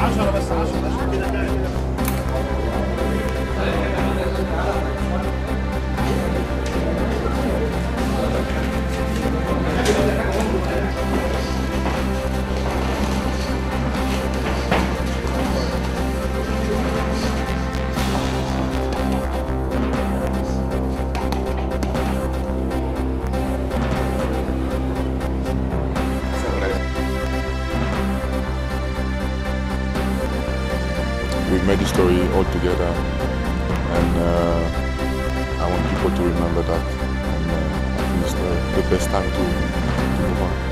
10 بس 10 كده كده we made the story all together, and uh, I want people to remember that. And uh, I think it's the, the best time to, to move on.